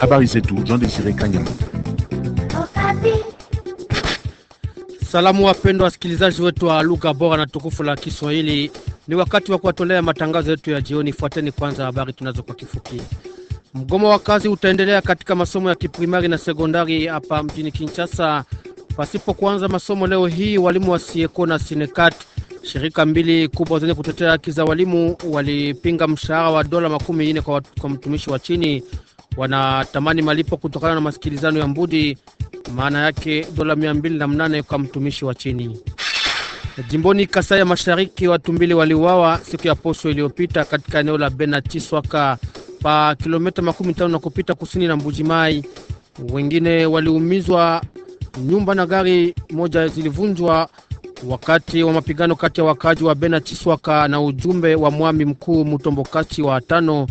Habari zetu Jean Desire Kanyama. Salamu wapendwa wasikilizaji wetu wa lugha bora na tukufu la Kiswahili, ni wakati wa kuwatolea matangazo yetu ya jioni. Fuateni kwanza habari tunazo kwa kifupi. Mgomo wa kazi utaendelea katika masomo ya kiprimari na sekondari hapa mjini Kinshasa pasipo kuanza masomo leo hii. Walimu wa Sieko na Sinekat, shirika mbili kubwa zenye kutetea haki za walimu, walipinga mshahara wa dola makumi kwa, kwa mtumishi wa chini wanatamani malipo kutokana na masikilizano ya Mbudi, maana yake dola 208 kwa mtumishi wa chini. Jimboni Kasai ya Mashariki, watu mbili waliuawa siku ya posho iliyopita katika eneo la Bena Chiswaka pa kilomita makumi tano na kupita kusini na Mbujimai. Wengine waliumizwa, nyumba na gari moja zilivunjwa wakati wa mapigano kati ya wakaaji wa Bena Chiswaka na ujumbe wa mwami mkuu Mutombokachi wa tano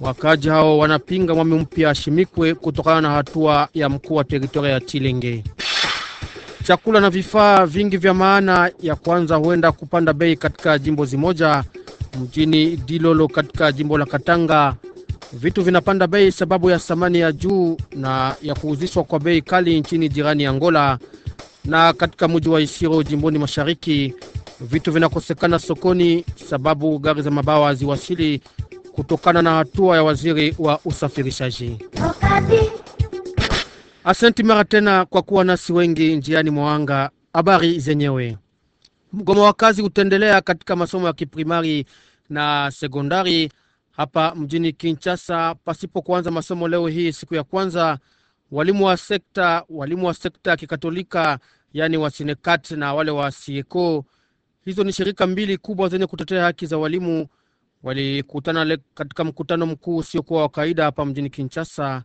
Wakaji hao wanapinga mwami mpya ashimikwe kutokana na hatua ya mkuu wa teritoria ya Chilenge. Chakula na vifaa vingi vya maana ya kwanza huenda kupanda bei katika jimbo zimoja. Mjini Dilolo katika jimbo la Katanga, vitu vinapanda bei sababu ya thamani ya juu na ya kuuzishwa kwa bei kali nchini jirani ya Angola. Na katika mji wa Isiro jimboni mashariki, vitu vinakosekana sokoni sababu gari za mabawa haziwasili kutokana na hatua ya waziri wa usafirishaji. Asanti mara tena kwa kuwa nasi wengi njiani mwanga. Habari zenyewe, mgomo wa kazi utaendelea katika masomo ya kiprimari na sekondari hapa mjini Kinshasa pasipo kuanza masomo leo hii siku ya kwanza. Walimu wa sekta walimu wa sekta ya Kikatolika wa sinekat na wale wa sieko, hizo ni shirika mbili kubwa zenye kutetea haki za walimu walikutana katika mkutano mkuu usiokuwa wa kawaida hapa mjini Kinshasa.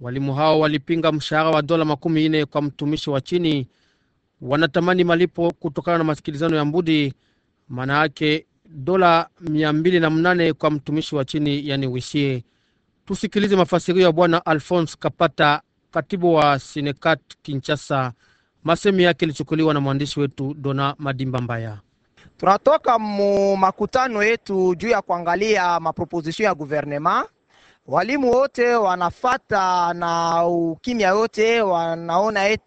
Walimu hao walipinga mshahara wa dola makumi nne kwa mtumishi wa chini. Wanatamani malipo kutokana na masikilizano ya Mbudi, maana yake dola mia mbili na mnane kwa mtumishi wa chini, yani wisie. Tusikilize mafasirio ya Bwana Alphonse Kapata, katibu wa Sinekat Kinshasa. Masemi yake ilichukuliwa na mwandishi wetu Dona Madimba Mbaya. Tunatoka mu makutano yetu juu ya kuangalia maproposition ya guvernema. Walimu wote wanafata na ukimya yote wanaona et,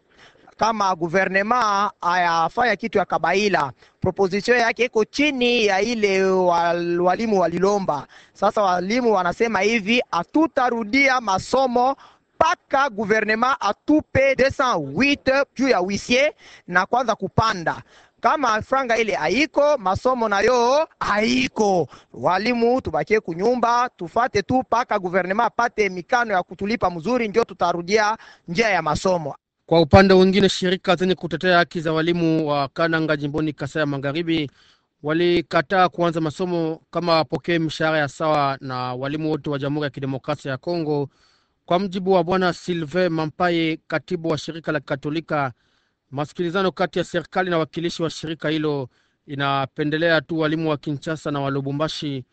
kama guvernema hayafanya kitu ya kabaila, proposition yake iko chini ya ile wal, walimu walilomba. Sasa walimu wanasema hivi, hatutarudia masomo mpaka guvernema atupe 208 juu ya wisie na kwanza kupanda kama franga ile haiko, masomo nayo haiko, walimu tubakie kunyumba, tufate tu paka guvernema apate mikano ya kutulipa mzuri, ndio tutarudia njia ya masomo. Kwa upande mwingine, shirika zenye kutetea haki za walimu wa Kananga jimboni Kasai ya Magharibi walikataa kuanza masomo kama wapokee mshahara ya sawa na walimu wote wa Jamhuri ya Kidemokrasia ya Kongo, kwa mjibu wa Bwana Silve Mampaye, katibu wa shirika la Katolika Masikilizano kati ya serikali na wakilishi wa shirika hilo inapendelea tu walimu wa Kinshasa na wa Lubumbashi.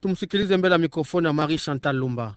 Tumsikilize mbele ya mikrofoni ya Marie Chantal Lumba.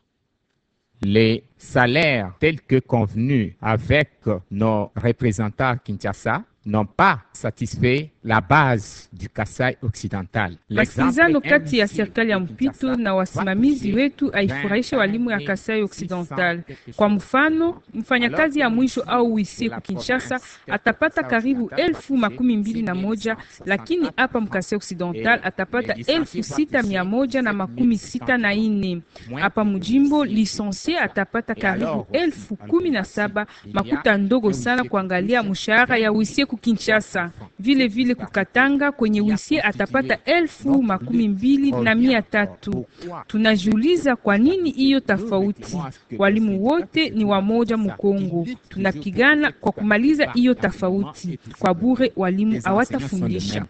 Les salaires tels que convenus avec nos représentants à Kinshasa n'ont pas satisfait la base du Kasai Occidental. Wasikilizano kati ya serikali ya mpito na wasimamizi wetu haifurahisha walimu ya Kasai Occidental. Kwa mfano, mfanyakazi ya mwisho au wisie ku Kinshasa atapata karibu elfu makumi mbili na moja lakini hapa mkasai Occidental atapata elfu sita mia moja na makumi sita na ine. Hapa mjimbo lisensie atapata karibu elfu kumi na saba makuta ndogo sana kuangalia mshahara ya wisie ku Kinshasa vile vile kukatanga kwenye wisie atapata elfu makumi mbili na mia tatu. Tunajiuliza kwa nini hiyo tofauti? Walimu wote ni wamoja Mkongo, tunapigana kwa kumaliza hiyo tofauti. Kwa bure walimu hawatafundisha.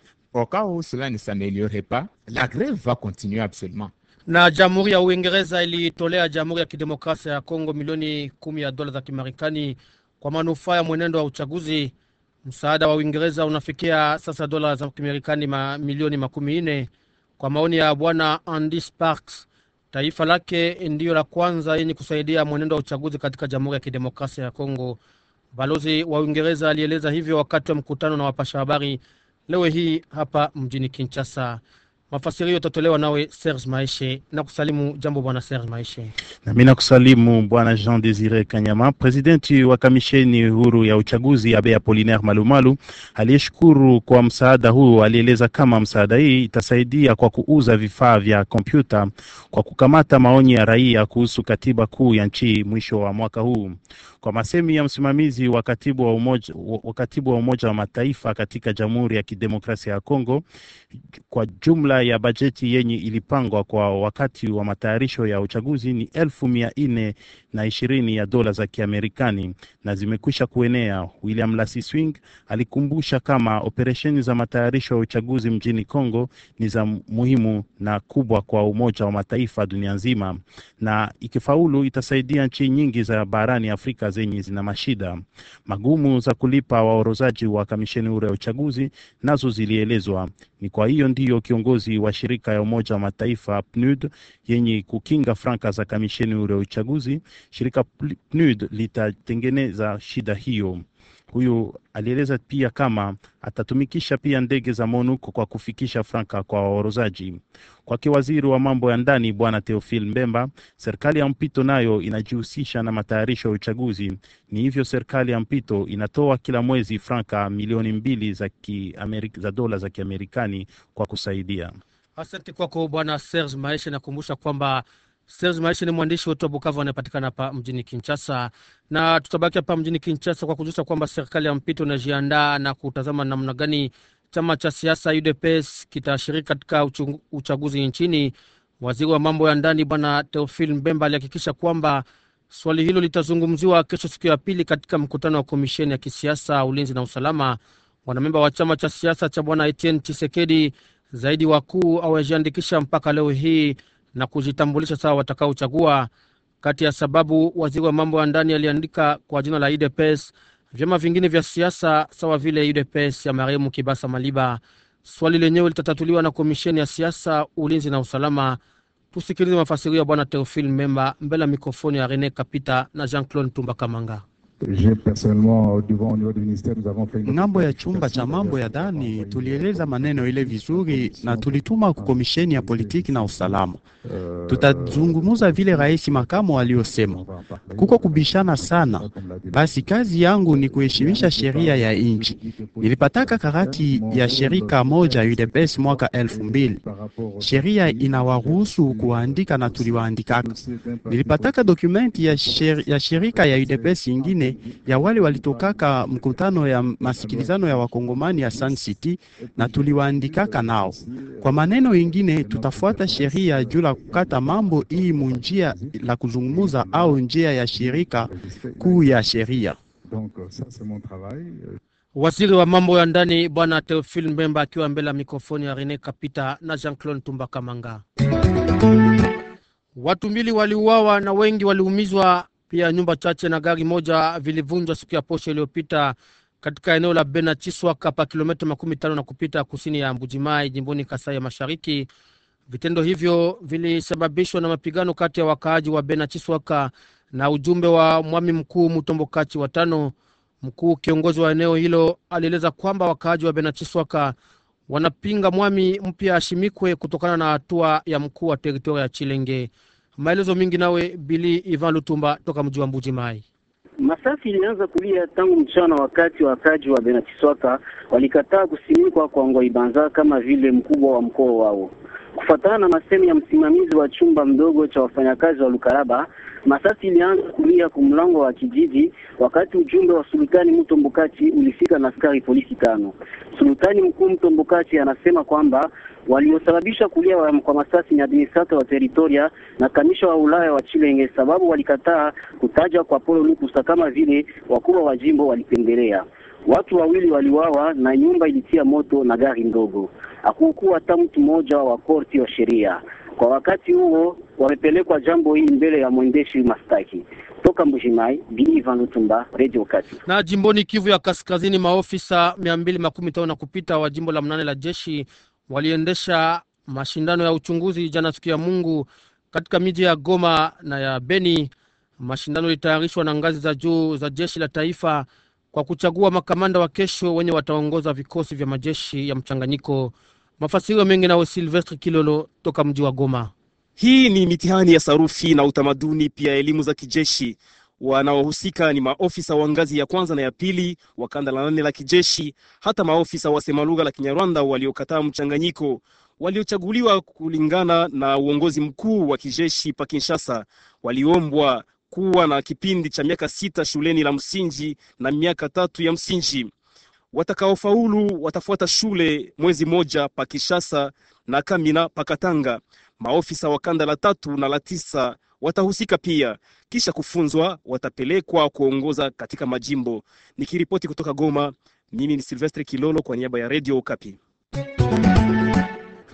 Na jamhuri ya Uingereza ilitolea Jamhuri ya Kidemokrasia ya Kongo milioni kumi ya dola za Kimarekani kwa manufaa ya mwenendo wa uchaguzi Msaada wa Uingereza unafikia sasa dola za Kimarekani milioni makumi nne. Kwa maoni ya bwana Andy Sparks, taifa lake ndiyo la kwanza yenye kusaidia mwenendo wa uchaguzi katika Jamhuri ya Kidemokrasia ya Kongo. Balozi wa Uingereza alieleza hivyo wakati wa mkutano na wapasha habari leo hii hapa mjini Kinshasa hiyo yatatolewa nawe Serge Maishe. Na kusalimu jambo bwana Serge Maeshe. Nami na kusalimu bwana Jean Desire Kanyama, presidenti wa kamisheni huru ya uchaguzi Abe polinaire Malumalu, aliyeshukuru kwa msaada huu. Alieleza kama msaada hii itasaidia kwa kuuza vifaa vya kompyuta kwa kukamata maoni ya raia kuhusu katiba kuu ya nchi mwisho wa mwaka huu. Kwa masemi ya msimamizi wa katibu wa Umoja wa, katibu wa Umoja wa Mataifa katika Jamhuri ya Kidemokrasia ya Kongo, kwa jumla ya bajeti yenye ilipangwa kwa wakati wa matayarisho ya uchaguzi ni elfu mia nne na ishirini ya dola za Kiamerikani na zimekwisha kuenea. William Lasiswing alikumbusha kama operesheni za matayarisho ya uchaguzi mjini congo ni za muhimu na kubwa kwa Umoja wa Mataifa dunia nzima, na ikifaulu itasaidia nchi nyingi za barani Afrika zenye zina mashida magumu za kulipa waorozaji wa kamisheni huru ya uchaguzi nazo zilielezwa. Ni kwa hiyo ndiyo kiongozi wa shirika ya Umoja wa Mataifa PNUD yenye kukinga franka za kamisheni huru ya uchaguzi shirika PNUD litatengeneza shida hiyo. Huyu alieleza pia kama atatumikisha pia ndege za MONUC kwa kufikisha franka kwa waorozaji. Kwake waziri wa mambo ya ndani Bwana Theophile Mbemba, serikali ya mpito nayo inajihusisha na matayarisho ya uchaguzi. Ni hivyo serikali ya mpito inatoa kila mwezi franka milioni mbili za, Kiamerika, za dola za Kiamerikani kwa kusaidia. Asante kwako Bwana Serge maeshe Nakumbusha kwamba Serge Maishi ni mwandishi wetu wa Bukavu anayepatikana hapa mjini Kinshasa, na tutabaki hapa mjini Kinshasa kwa kujulisha kwamba serikali ya mpito inajiandaa na kutazama namna gani chama cha siasa UDPS kitashiriki katika uchaguzi nchini. Waziri wa mambo ya ndani Bwana Teofil Mbemba alihakikisha kwamba swali hilo litazungumziwa kesho, siku ya pili, katika mkutano wa komisheni ya kisiasa, ulinzi na usalama. Wanamemba wa chama cha siasa cha Bwana Etienne Chisekedi zaidi wakuu hawajiandikisha mpaka leo hii na kujitambulisha sawa watakaochagua. Kati ya sababu, waziri wa mambo ya ndani aliandika kwa jina la UDPS vyama vingine vya siasa sawa vile UDPS ya marehemu Kibasa Maliba. Swali lenyewe litatatuliwa na komisheni ya siasa, ulinzi na usalama. Tusikilize mafasirio ya bwana Teofil Memba mbele ya mikrofoni ya Rene Kapita na Jean Claude Tumba Kamanga. Ngambo ya chumba cha mambo ya ndani tulieleza maneno ile vizuri, na tulituma kukomisheni ah, ya politiki na usalama. Euh, Tutazungumuza vile rais makamu aliyosema, kuko kubishana sana. Basi kazi yangu ni euh, kuheshimisha sheria ya nchi. Nilipataka karati ya shirika moja UDPS mwaka elfu mbili sheria inawaruhusu kuandika na tuliwaandikaka. Nilipataka dokumenti ya, shir, ya shirika ya UDPS ingine ya wale walitokaka mkutano ya masikilizano ya wakongomani ya Sun City na tuliwaandikaka nao. Kwa maneno ingine, tutafuata sheria juu la kukata mambo hii munjia la kuzungumuza au njia ya shirika kuu ya sheria. Donc ça c'est mon travail. Waziri wa mambo ya ndani Bwana Teofil Mbemba akiwa mbele ya mikrofoni ya Rene Kapita na Jean Claude Tumba Kamanga. Watu mbili waliuawa na wengi waliumizwa, pia nyumba chache na gari moja vilivunjwa siku ya posho iliyopita katika eneo la Bena Chiswaka pa kilomita makumi tano na kupita kusini ya Mbujimai jimboni Kasai ya Mashariki. Vitendo hivyo vilisababishwa na mapigano kati ya wakaaji wa Bena Chiswaka na ujumbe wa mwami mkuu Mutombokachi watano Mkuu kiongozi wa eneo hilo alieleza kwamba wakaaji wa Benachiswaka wanapinga mwami mpya ashimikwe kutokana na hatua ya mkuu wa teritoria ya Chilenge. Maelezo mingi nawe Bili Ivan Lutumba toka mji wa Mbuji Mai. Masasi ilianza kulia tangu mchana, wakati wakaji wa Benachiswaka walikataa kusimikwa kwa Ngoibanza kama vile mkubwa wa mkoa wao, kufuatana na masemi ya msimamizi wa chumba mdogo cha wafanyakazi wa Lukaraba. Masasi ilianza kulia kumlango wa kijiji wakati ujumbe wa sultani Mtombokati ulifika na askari polisi tano. Sultani mkuu Mtombokati anasema kwamba waliosababisha kulia wa kwa masasi ni administrator wa teritoria na kamisha wa Ulaya wa Chilenge, sababu walikataa kutaja kwa Polo Lukusa kama vile wakubwa wa jimbo walipendelea. Watu wawili waliwawa na nyumba ilitia moto na gari ndogo. Hakukuwa hata mtu mmoja wa korti wa sheria. Kwa wakati huo wamepelekwa jambo hili mbele ya mwendeshi mastaki toka Mbujimai. Bi Ivan Lutumba, Radio Kati. Na jimboni Kivu ya Kaskazini, maofisa mia mbili makumi tano na kupita wa jimbo la mnane la jeshi waliendesha mashindano ya uchunguzi jana siku ya Mungu katika miji ya Goma na ya Beni. Mashindano ilitayarishwa na ngazi za juu za jeshi la taifa kwa kuchagua makamanda wa kesho wenye wataongoza vikosi vya majeshi ya mchanganyiko. Mafasiri mengi nawe Silvestre Kilolo toka mji wa Goma. Hii ni mitihani ya sarufi na utamaduni, pia elimu za kijeshi. Wanaohusika ni maofisa wa ngazi ya kwanza na ya pili wa kanda la nane la kijeshi, hata maofisa wasema lugha la Kinyarwanda waliokataa mchanganyiko, waliochaguliwa kulingana na uongozi mkuu wa kijeshi pa Kinshasa, waliombwa kuwa na kipindi cha miaka sita shuleni la msingi na miaka tatu ya msingi. Watakaofaulu watafuata shule mwezi moja pa Kinshasa na Kamina pa Katanga. Maofisa wa kanda la tatu na la tisa watahusika pia, kisha kufunzwa watapelekwa kuongoza katika majimbo. Nikiripoti kutoka Goma, mimi ni Silvestre Kilolo kwa niaba ya Radio Okapi.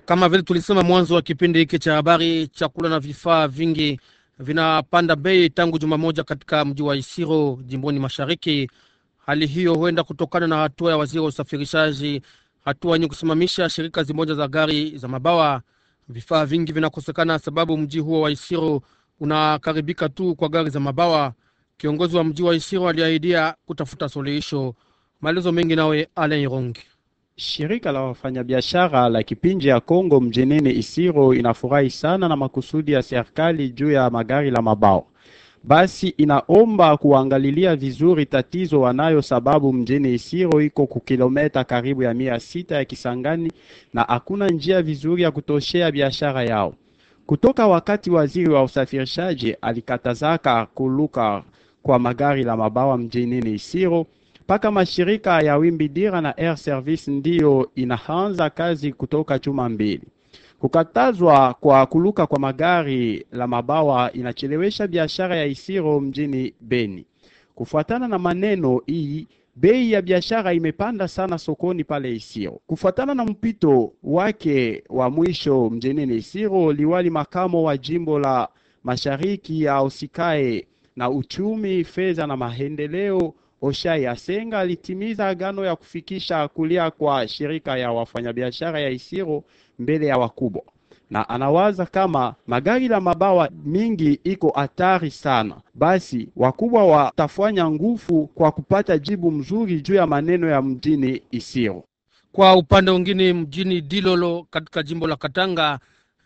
Kama vile tulisema mwanzo wa kipindi hiki cha habari, chakula na vifaa vingi vinapanda bei tangu juma moja katika mji wa Isiro jimboni Mashariki. Hali hiyo huenda kutokana na hatua ya waziri wa usafirishaji, hatua yenye kusimamisha shirika zimoja za gari za mabawa. Vifaa vingi vinakosekana, sababu mji huo wa Isiro unakaribika tu kwa gari za mabawa. Kiongozi wa mji wa Isiro aliahidia kutafuta suluhisho. Maelezo mengi nawe Alain Rong. Shirika la wafanyabiashara la kipinji ya Kongo mjinini Isiro inafurahi sana na makusudi ya serikali juu ya magari la mabao basi inaomba kuangalilia vizuri tatizo wanayo, sababu mjini Isiro iko kukilometa karibu ya mia sita ya Kisangani na hakuna njia vizuri ya kutoshea biashara yao. Kutoka wakati waziri wa usafirishaji alikatazaka kuluka kwa magari la mabawa mjini Isiro mpaka mashirika ya Wimbidira na Air Service ndiyo inaanza kazi kutoka chuma mbili. Kukatazwa kwa kuluka kwa magari la mabawa inachelewesha biashara ya Isiro mjini Beni. Kufuatana na maneno hii, bei ya biashara imepanda sana sokoni pale Isiro. Kufuatana na mpito wake wa mwisho mjini Isiro, liwali makamo wa jimbo la mashariki ya Osikae na uchumi, fedha na maendeleo Oshai yasenga alitimiza agano ya kufikisha kulia kwa shirika ya wafanyabiashara ya Isiro mbele ya wakubwa, na anawaza kama magari la mabawa mingi iko hatari sana, basi wakubwa watafanya nguvu kwa kupata jibu mzuri juu ya maneno ya mjini Isiro. Kwa upande mwingine, mjini Dilolo katika jimbo la Katanga,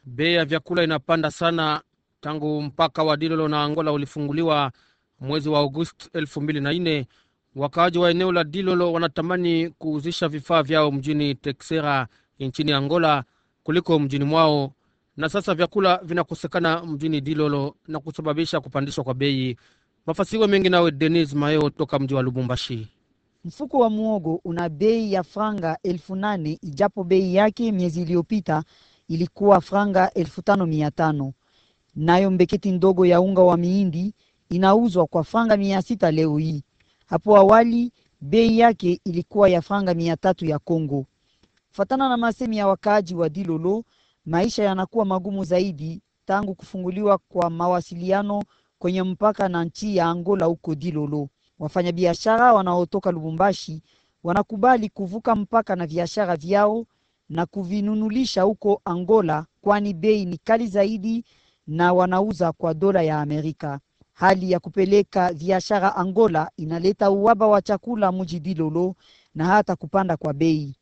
bei ya vyakula inapanda sana tangu mpaka wa Dilolo na Angola ulifunguliwa mwezi wa Agosti elfu mbili na nne. Wakaaji wa eneo la Dilolo wanatamani kuuzisha vifaa vyao mjini Texera nchini Angola kuliko mjini mwao, na sasa vyakula vinakosekana mjini Dilolo na kusababisha kupandishwa kwa bei. Mafasiriwa mengi nawe Denis Mayo toka mji wa Lubumbashi. Mfuko wa muogo una bei ya franga elfu nane ijapo bei yake miezi iliyopita ilikuwa franga elfu tano mia tano. Nayo mbeketi ndogo ya unga wa miindi inauzwa kwa franga mia sita leo hii. Hapo awali bei yake ilikuwa ya franga mia tatu ya congo Kufatana na masemi ya wakaaji wa Dilolo, maisha yanakuwa magumu zaidi tangu kufunguliwa kwa mawasiliano kwenye mpaka na nchi ya Angola huko Dilolo. Wafanyabiashara wanaotoka Lubumbashi wanakubali kuvuka mpaka na biashara vyao na kuvinunulisha huko Angola, kwani bei ni kali zaidi na wanauza kwa dola ya Amerika. Hali ya kupeleka biashara Angola inaleta uhaba wa chakula mji Dilolo na hata kupanda kwa bei.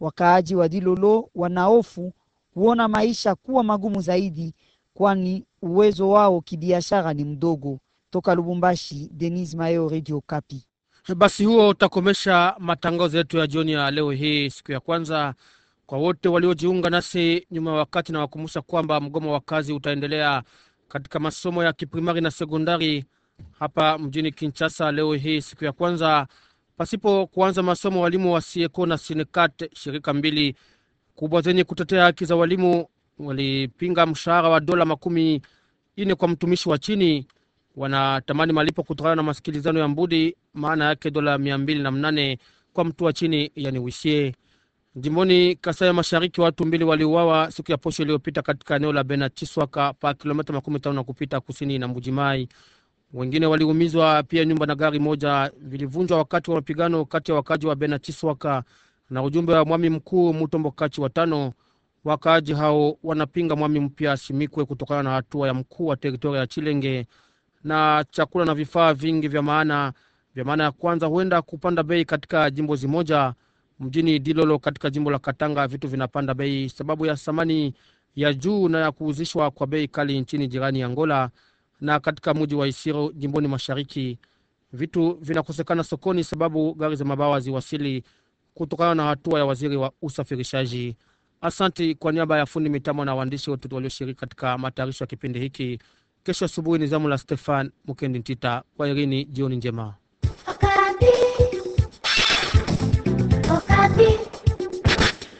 Wakaaji wa Dilolo wanaofu huona maisha kuwa magumu zaidi, kwani uwezo wao kibiashara ni mdogo. Toka Lubumbashi, Denis Mayo, Radio Kapi. Basi huo utakomesha matangazo yetu ya jioni ya leo hii, siku ya kwanza. Kwa wote waliojiunga nasi nyuma ya wakati, na wakumbusha kwamba mgomo wa kazi utaendelea katika masomo ya kiprimari na sekondari hapa mjini Kinshasa leo hii siku ya kwanza pasipo kuanza masomo walimu wasiyeko na Sinekat, shirika mbili kubwa zenye kutetea haki za walimu walipinga mshahara wa dola makumi ine kwa mtumishi wa chini. Wanatamani malipo kutokana na masikilizano ya Mbudi, maana yake dola mia mbili na mnane kwa mtu wa chini, yani wisie. Jimboni kasaya Mashariki, watu mbili waliuawa siku ya posho iliyopita katika eneo la benachiswaka pa kilometa makumi tano na kupita kusini na Mbujimai. Wengine waliumizwa pia. Nyumba na gari moja vilivunjwa wakati wa mapigano kati ya wakaaji wa benachiswaka na ujumbe wa mwami mkuu Mutombokachi watano. Wakaaji hao wanapinga mwami mpya asimikwe kutokana na hatua ya mkuu wa teritoria ya Chilenge na chakula na vifaa vingi vya maana vya maana ya kwanza huenda kupanda bei katika jimbo zimoja. Mjini Dilolo katika jimbo la Katanga vitu vinapanda bei sababu ya thamani ya juu na ya kuuzishwa kwa bei kali nchini jirani ya Angola na katika mji wa Isiro jimboni mashariki. Vitu vinakosekana sokoni sababu gari za mabawa ziwasili kutokana na hatua ya waziri wa usafirishaji. Asanti kwa niaba ya fundi mitambo na waandishi wetu walioshiriki katika matayarisho ya kipindi hiki. Kesho asubuhi ni zamu la Stefan Mukendi Ntita. Kwa irini, jioni njema.